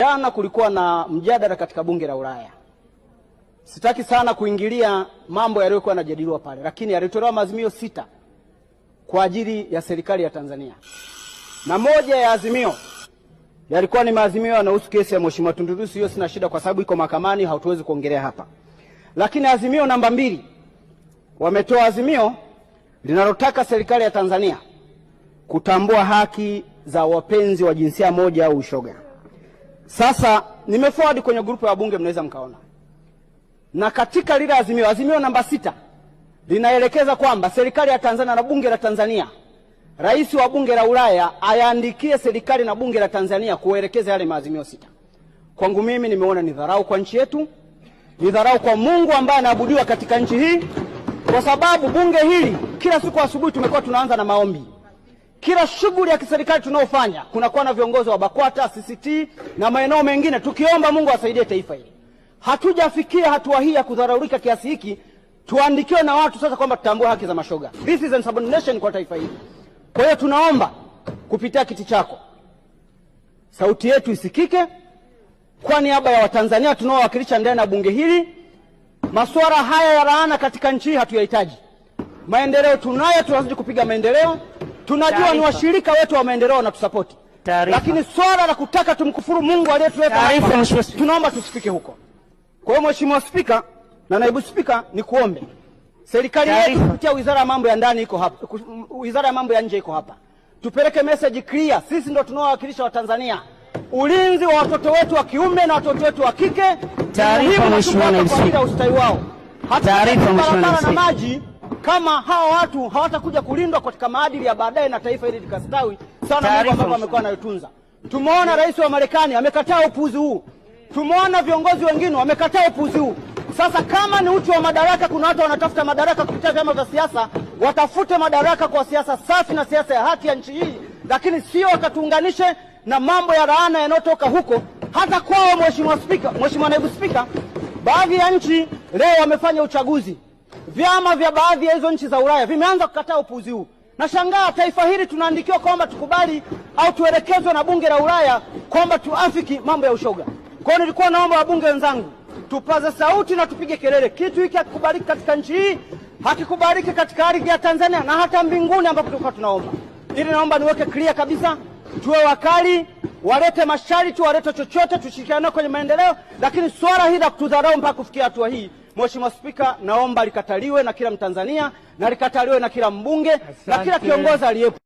Jana kulikuwa na mjadala katika bunge la Ulaya. Sitaki sana kuingilia mambo yaliyokuwa yanajadiliwa pale, lakini yalitolewa maazimio sita kwa ajili ya serikali ya Tanzania, na moja ya azimio yalikuwa ni maazimio yanahusu kesi ya Mheshimiwa Tundu Lissu. Hiyo sina shida, kwa sababu iko mahakamani, hatuwezi kuongelea hapa. Lakini azimio namba mbili, wametoa azimio linalotaka serikali ya Tanzania kutambua haki za wapenzi wa jinsia moja au ushoga. Sasa nimeforward kwenye grupu ya wabunge, mnaweza mkaona, na katika lile azimio, azimio namba sita linaelekeza kwamba serikali ya Tanzania na bunge la Tanzania, rais wa bunge la Ulaya ayaandikie serikali na bunge la Tanzania kuelekeza yale maazimio sita. Kwangu mimi nimeona ni dharau kwa nchi yetu, ni dharau kwa Mungu ambaye anaabudiwa katika nchi hii, kwa sababu bunge hili kila siku asubuhi tumekuwa tunaanza na maombi. Kila shughuli ya kiserikali tunaofanya kunakuwa na viongozi wa BAKWATA, CCT na maeneo mengine, tukiomba Mungu asaidie taifa hili. Hatujafikia hatua hii ya kudharaulika kiasi hiki, tuandikiwe na watu sasa kwamba tutambua haki za mashoga. This is a subordination kwa taifa hili. Kwa hiyo tunaomba kupitia kiti chako, sauti yetu isikike kwa niaba ya Watanzania tunaowakilisha ndani ya bunge hili. Masuala haya ya laana katika nchi hii hatuyahitaji. Maendeleo tunayo, tunazidi kupiga maendeleo tunajua ni washirika wetu wa maendeleo wanatusapoti, lakini swala la kutaka tumkufuru Mungu aliyetuweka, hapa tunaomba tusifike huko. Kwa hiyo Mheshimiwa Spika na Naibu Spika, nikuombe serikali yetu kupitia Wizara ya Mambo ya Ndani iko hapa, Wizara ya Mambo ya Nje iko hapa, tupeleke message clear, sisi ndio tunaowakilisha Watanzania. Ulinzi wa watoto wetu wa kiume na watoto wetu wa kike taarifa Mheshimiwa kwa ya ustawi wao, hata barabara na maji kama hawa watu hawatakuja kulindwa katika maadili ya baadaye na taifa hili likastawi sana ambavyo amekuwa anayotunza. Tumeona rais wa Marekani amekataa upuzi huu, tumeona viongozi wengine wamekataa upuzi huu. Sasa kama ni uti wa madaraka, kuna watu wanatafuta madaraka kupitia vyama vya siasa, watafute madaraka kwa siasa safi na siasa ya haki ya nchi hii, lakini sio wakatuunganishe na mambo ya laana yanayotoka huko hata kwao. Mheshimiwa Spika, Mheshimiwa Naibu Spika, baadhi ya nchi leo wamefanya uchaguzi Vyama vya baadhi ya hizo nchi za Ulaya vimeanza kukataa upuzi huu. Nashangaa taifa hili tunaandikiwa kwamba tukubali au tuelekezwe na bunge la Ulaya kwamba tuafiki mambo ya ushoga. Kwa hiyo nilikuwa naomba wabunge wenzangu tupaze sauti na tupige kelele, kitu hiki hakikubaliki katika nchi hii, hakikubaliki katika ardhi ya Tanzania na hata mbinguni ambapo tulikuwa tunaomba. Ili naomba niweke clear kabisa tuwe wakali, walete masharti, walete chochote, tushirikiane kwenye maendeleo. Lakini swala hili la kutudharau mpaka kufikia hatua hii, Mheshimiwa Spika, naomba likataliwe na kila Mtanzania na likataliwe na kila mbunge Asante. na kila kiongozi aliyepo.